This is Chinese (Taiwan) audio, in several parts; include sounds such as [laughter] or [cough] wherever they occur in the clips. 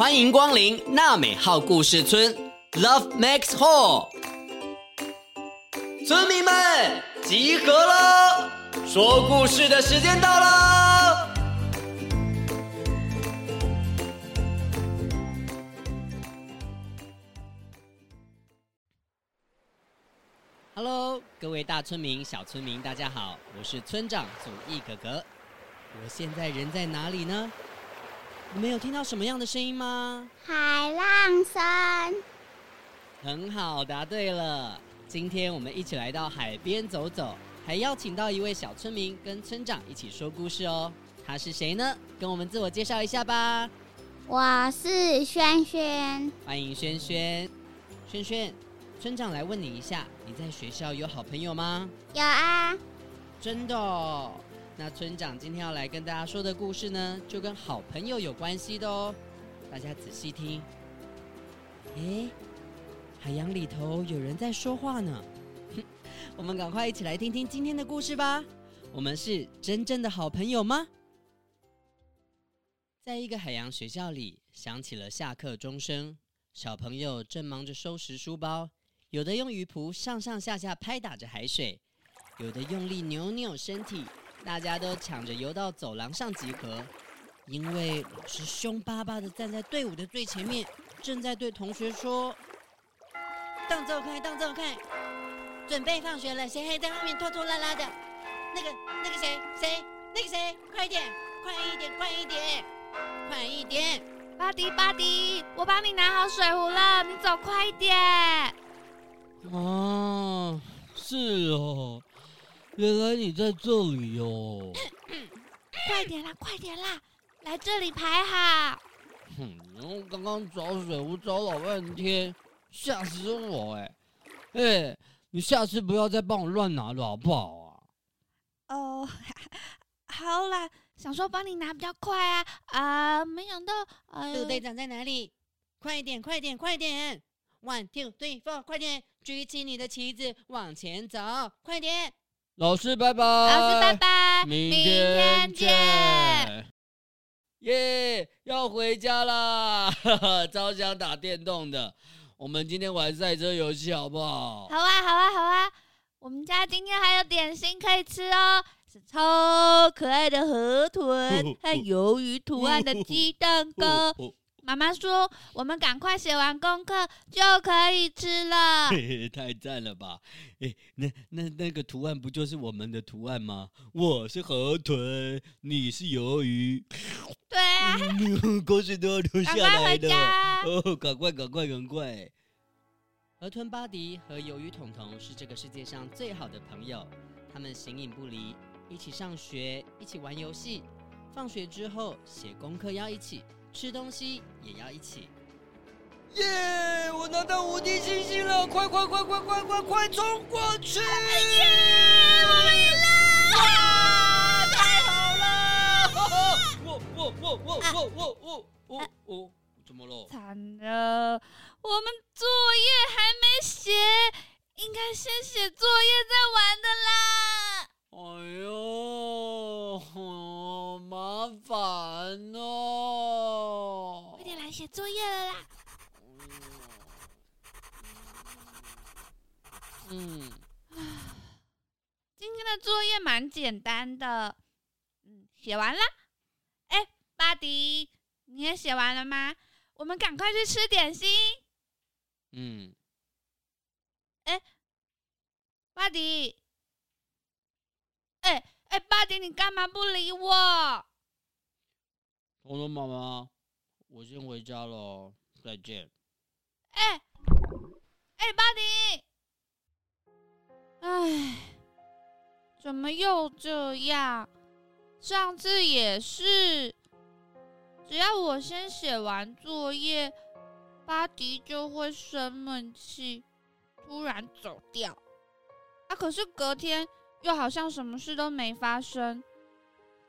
歡迎光臨納美號故事村，Love Makes Whole，村民們集合了，說故事的時間到嘍！Hello，各位大村民、小村民，大家好，我是村長祖逸哥哥，我現在人在哪裡呢？你們有聽到什麼樣的聲音嗎？海浪聲。很好，答對了。今天我們一起來到海邊走走，還邀請到一位小村民跟村長一起說故事哦。他是誰呢？跟我們自我介紹一下吧。我是萱萱。歡迎萱萱。萱萱，村長來問你一下，你在學校有好朋友嗎？有啊。真的哦。那村長今天要來跟大家說的故事呢，就跟好朋友有關係的哦。大家仔細聽。哎，海洋裡頭有人在說話呢。我們趕快一起來聽聽今天的故事吧。我們是真正的好朋友嗎？在一個海洋學校裡，響起了下課鐘聲。小朋友正忙着收拾書包，有的用魚蹼上上下下拍打着海水，有的用力扭扭身體。大家都搶着游到走廊上集合，因為老師凶巴巴的站在隊伍的最前面，正在對同學說：“動作快，動作快，準備放學了，誰還在後面拖拖拉拉的？那個，那個誰，誰，那個誰，快一點，快一點，快一點，快一點！巴迪，巴迪，我幫你拿好水壺了，你走快一點。”哦，是哦。原來你在這裡喲、哦嗯嗯！快點啦，嗯、快點啦、嗯，來這裡排好。哼，我剛剛找水壺找老半天，嚇死我哎！哎，你下次不要再幫我亂拿了，好不好啊？哦、oh, [laughs] 好啦，想說幫你拿比較快啊啊！Uh, 沒想到，路、uh, 隊長在哪裡？快點，快點，快點！One, two, three, four！快點，舉起你的旗子，往前走，快點！老師拜拜，老師拜拜，明天見，耶！Yeah, 要回家啦，哈哈！超想打電動的，我們今天玩賽車遊戲好不好？好啊，好啊，好啊！我們家今天還有點心可以吃哦，是超可愛的河豚和魷魚圖案的雞蛋糕。媽媽說：“我們趕快寫完功課，就可以吃了。”嘿嘿，太讚了吧！誒那那那個圖案不就是我們的圖案嗎？我是河豚，你是魷魚，對啊，口水都要流下來了。回家，哦，趕快，趕快，趕快！河豚巴迪和魷魚潼潼是這個世界上最好的朋友，他們形影不離，一起上學，一起玩遊戲，放學之後寫功課要一起。吃東西也要一起。耶、yeah,！我拿到無敵星星了，快快快快快快快衝過去！Uh, yeah, 我們贏了！太好了！我我我我、啊、我我我我我,、啊、我怎麼了？慘了，我們作業還沒寫，應該先寫作業再玩的啦。哎呦，麻煩哦！快點來寫作業了啦。嗯，今天的作業蠻簡單的，嗯，寫完了。哎、欸，巴迪，你也寫完了嗎？我們趕快去吃點心。嗯，哎、欸，巴迪。哎哎，巴迪，你幹嘛不理我？潼潼，媽媽，我先回家了，再見。哎哎，巴迪，哎，怎麼又這樣？上次也是，只要我先寫完作業，巴迪就會生悶氣，突然走掉。啊，可是隔天。又好像什麼事都沒發生，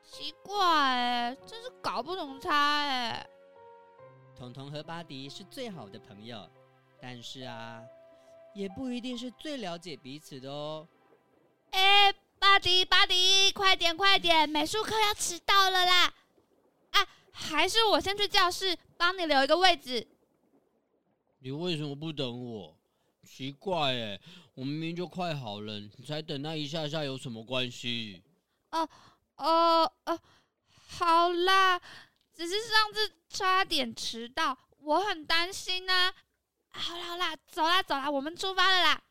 奇怪，欸，真是搞不懂他哎，欸。潼潼和巴迪是最好的朋友，但是啊，也不一定是最了解彼此的哦。哎，欸，巴迪巴迪，快點快點，美術課要遲到了啦！啊，還是我先去教室幫你留一個位置。你為什麼不等我？奇怪欸，我明明就快好了，你才等那一下下有什麼關係？哦哦哦，好啦，只是上次差點遲到，我很擔心吶。好啦好啦，走啦走啦，我們出發了啦。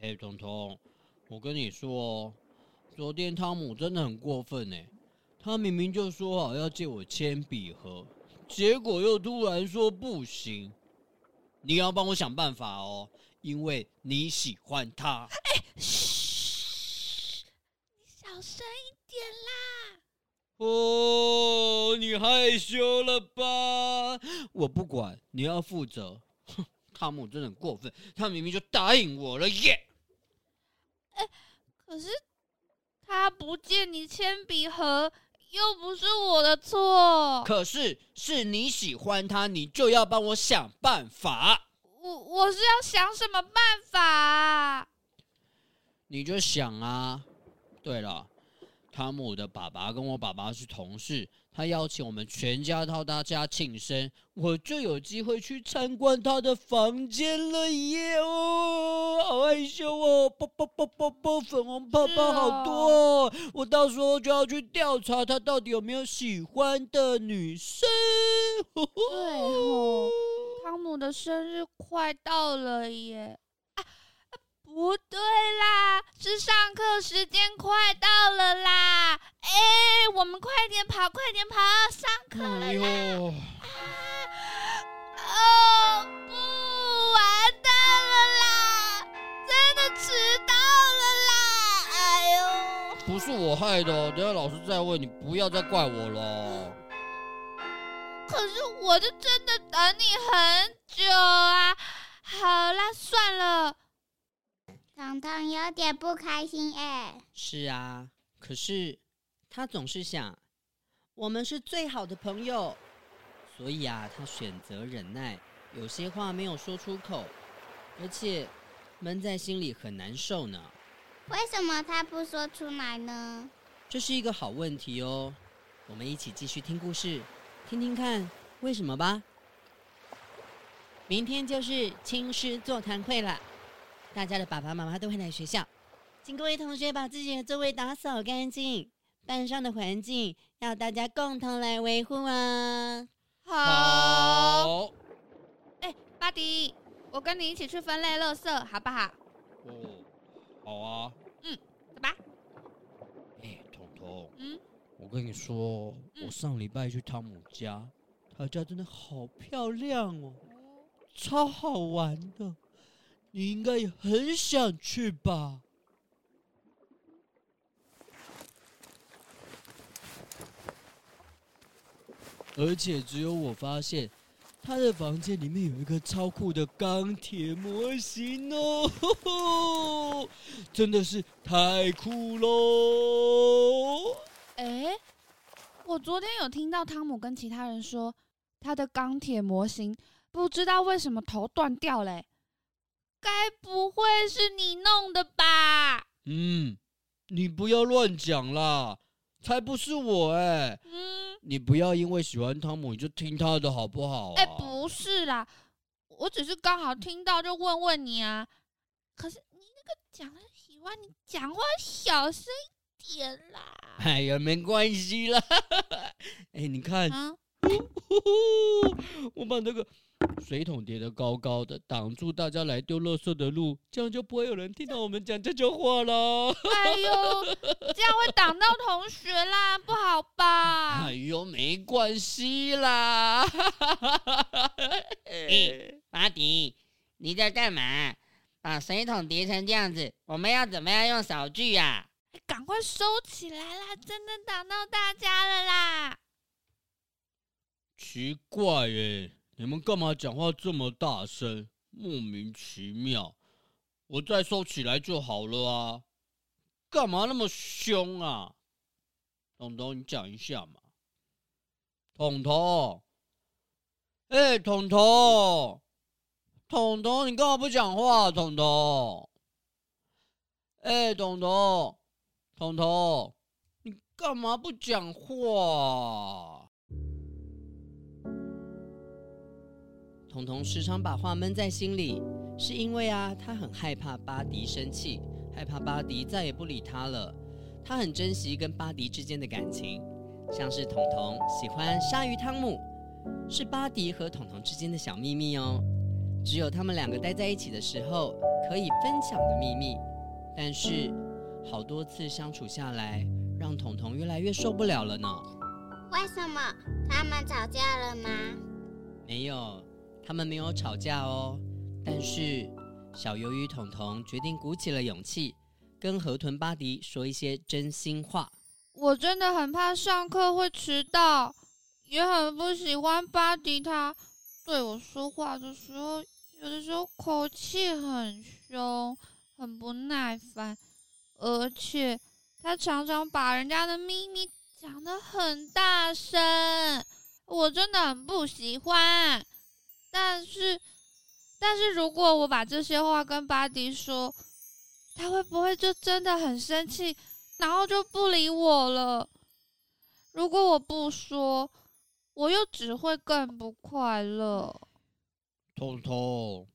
哎，彤彤，我跟你說哦，昨天湯姆真的很過分欸，他明明就說好要借我鉛筆盒，結果又突然說不行。你要幫我想辦法哦，因為你喜歡他。哎、欸，噓，你小聲一點啦。哦，你害羞了吧？我不管，你要負責。湯姆真的很過分，他明明就答應我了耶。哎、欸，可是他不見你鉛筆盒。又不是我的錯，可是是你喜歡他，你就要幫我想辦法。我我是要想什麼辦法啊？你就想啊。對了，湯姆的爸爸跟我爸爸是同事。他邀請我們全家到他家慶生，我就有機會去參觀他的房間了耶！哦，好害羞哦，泡泡泡泡泡粉紅泡泡好多哦，哦，我到時候就要去調查他到底有沒有喜歡的女生。對哦，湯姆的生日快到了耶！不對啦，是上課時間快到了啦！哎、欸，我們快點跑，快點跑，上課了啦！哎呦，啊、哦，不完蛋了啦！真的遲到了啦！哎呦，不是我害的，等一下老師再問你，不要再怪我了。可是我就真的等你很久啊！好啦，算了。潼潼有點不開心哎。是啊，可是他總是想，我們是最好的朋友，所以啊，他選擇忍耐，有些話沒有說出口，而且悶在心裡很難受呢。為什麼他不說出來呢？這是一個好問題哦。我們一起繼續聽故事，聽聽看為什麼吧。明天就是親師座談會了。大家的爸爸媽媽都會來學校，請各位同學把自己的座位打掃乾淨，班上的環境要大家共同來維護啊！好。哎、欸，巴迪，我跟你一起去分類垃圾，好不好？哦，好啊。嗯，走吧。哎、欸，潼潼。嗯。我跟你說、嗯，我上禮拜去湯姆家，他家真的好漂亮哦，哦超好玩的。你應該也很想去吧？而且只有我發現，他的房間裡面有一個超酷的鋼鐵模型哦，真的是太酷咯、欸！哎，我昨天有聽到湯姆跟其他人說，他的鋼鐵模型不知道為什麼頭斷掉嘞、欸。該不會是你弄的吧？嗯，你不要亂講啦，才不是我哎、欸嗯！你不要因為喜歡湯姆你就聽他的好不好、啊？哎、欸，不是啦，我只是剛好聽到就問問你啊。可是你那個講的喜歡，你講話小聲一點啦。哎呀，沒關係啦。哎、 [laughs] 欸，你看。嗯呼呼，我把那個水桶疊得高高的，擋住大家來丟垃圾的路，這樣就不會有人聽到我們講悄悄話了。哎呦，這樣會擋到同學啦， [laughs] 不好吧？哎呦，沒關係啦。 [laughs] 哎，巴迪，你在幹嘛？把、啊、水桶疊成這樣子，我們要怎麼樣用掃具呀？趕、哎、快收起來啦！真的擋到大家了啦！奇怪耶，你們幹嘛講話這麼大聲？莫名其妙，我再收起來就好了啊！幹嘛那麼兇啊？潼潼，你講一下嘛！潼潼，哎、欸，潼潼，潼潼，你幹嘛不講話、啊？潼潼，哎、欸，潼潼，潼潼，你幹嘛不講話、啊？潼潼時常把話悶在心裡，是因為啊，她很害怕巴迪生氣，害怕巴迪再也不理她了。她很珍惜跟巴迪之間的感情，像是潼潼喜歡鯊魚湯姆，是巴迪和潼潼之間的小秘密哦，只有他們兩個待在一起的時候可以分享的秘密。但是，好多次相處下來，讓潼潼越來越受不了了呢。為什麼？他們吵架了嗎？沒有。他們沒有吵架哦，但是小魷魚潼潼決定鼓起了勇氣，跟河豚巴迪說一些真心話。我真的很怕上課會遲到，也很不喜歡巴迪。他對我說話的時候，有的時候口氣很凶，很不耐煩，而且他常常把人家的秘密講得很大聲，我真的很不喜歡。但是，但是如果我把這些話跟巴迪說，他會不會就真的很生氣，然後就不理我了？如果我不說，我又只會更不快樂。彤彤，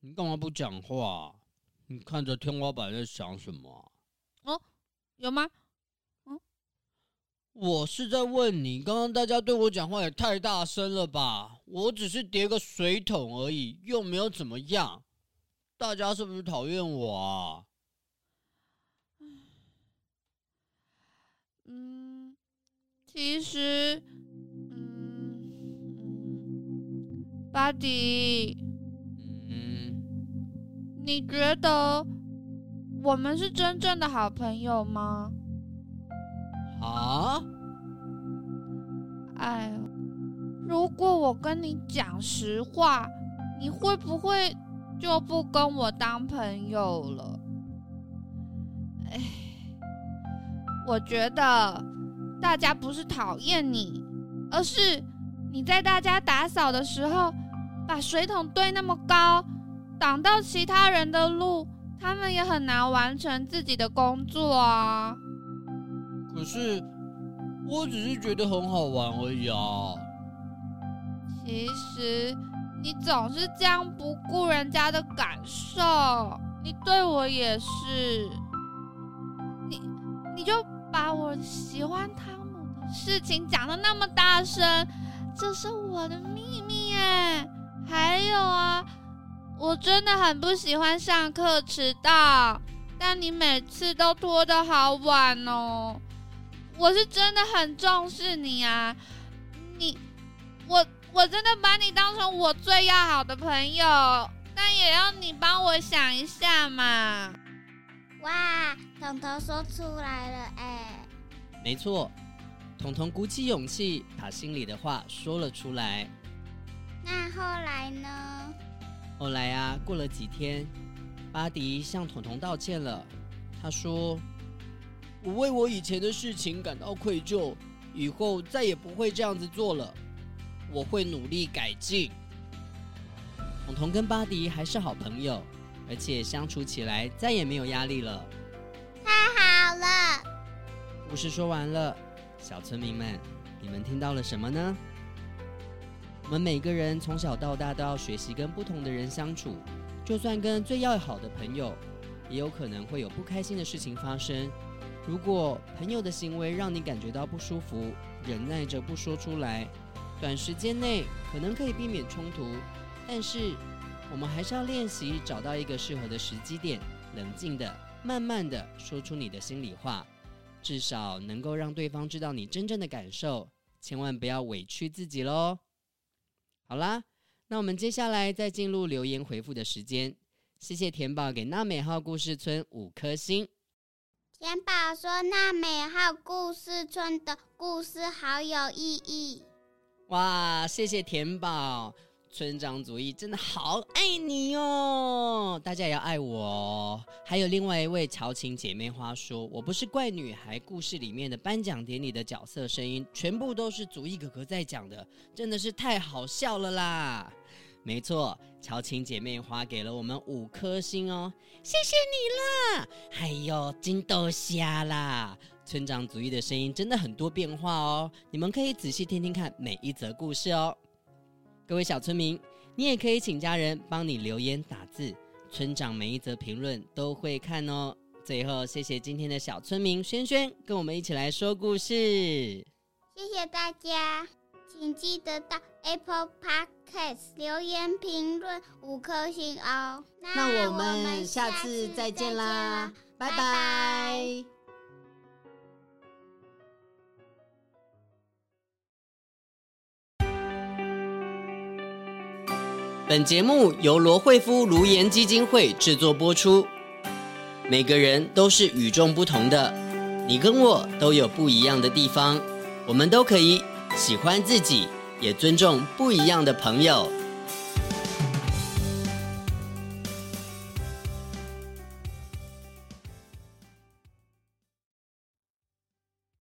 你幹嘛不講話？你看着天花板在想什麼？哦，有嗎？我是在問你，剛剛大家對我講話也太大聲了吧？我只是疊個水桶而已，又沒有怎麼樣。大家是不是討厭我啊？嗯，其實，嗯，巴迪，嗯，你覺得我們是真正的好朋友嗎？哎，如果我跟你講實話，你會不會就不跟我當朋友了？哎，我覺得大家不是討厭你，而是你在大家打掃的時候，把水桶堆那麼高，擋到其他人的路，他們也很難完成自己的工作啊，哦。可是。我只是覺得很好玩而已啊。其實你總是這樣不顧人家的感受，你對我也是。你你就把我喜歡湯姆的事情講得那麼大聲，這是我的秘密耶。還有啊，我真的很不喜歡上課遲到，但你每次都拖得好晚哦。我是真的很重視你啊，你，我我真的把你當成我最要好的朋友，但也要你幫我想一下嘛。哇，潼潼說出來了哎，沒錯，潼潼鼓起勇氣把心裡的話說了出來。那後來呢？後來啊，過了幾天，巴迪向潼潼道歉了，他說。我為我以前的事情感到愧疚，以後再也不會這樣子做了。我會努力改進。潼潼跟巴迪還是好朋友，而且相處起來再也沒有壓力了。太好了！故事說完了，小村民們，你們聽到了什麼呢？我們每個人從小到大都要學習跟不同的人相處，就算跟最要好的朋友，也有可能會有不開心的事情發生。如果朋友的行為讓你感覺到不舒服，忍耐着不說出來，短時間內可能可以避免衝突，但是我們還是要練習找到一個適合的時機點，冷靜的、慢慢的說出你的心裡話，至少能夠讓對方知道你真正的感受，千萬不要委屈自己嘍。好啦，那我們接下來再進入留言回覆的時間，謝謝田寶給納美號故事村五顆星。田寶說：“納美號故事村的故事好有意義。”哇，謝謝田寶！村長祖逸真的好愛你喲、哦，大家也要愛我。還有另外一位喬情姐妹花說：“我不是怪女孩。”故事裡面的頒獎典禮的角色聲音全部都是祖逸哥哥在講的，真的是太好笑了啦！沒錯，喬青姐妹花給了我們五顆星哦，謝謝你啦！還有金豆蝦啦，村長祖逸的聲音真的很多變化哦，你們可以仔細聽聽看每一則故事哦。各位小村民，你也可以請家人幫你留言打字，村長每一則評論都會看哦。最後，謝謝今天的小村民萱萱跟我們一起來說故事，謝謝大家。請記得到 Apple Podcast 留言評論五顆星哦！那我們下次再見啦，見啦拜，拜，拜拜。本節目由羅慧夫顱顏基金會製作播出。每個人都是與眾不同的，你跟我都有不一樣的地方，我們都可以。喜歡自己，也尊重不一樣的朋友。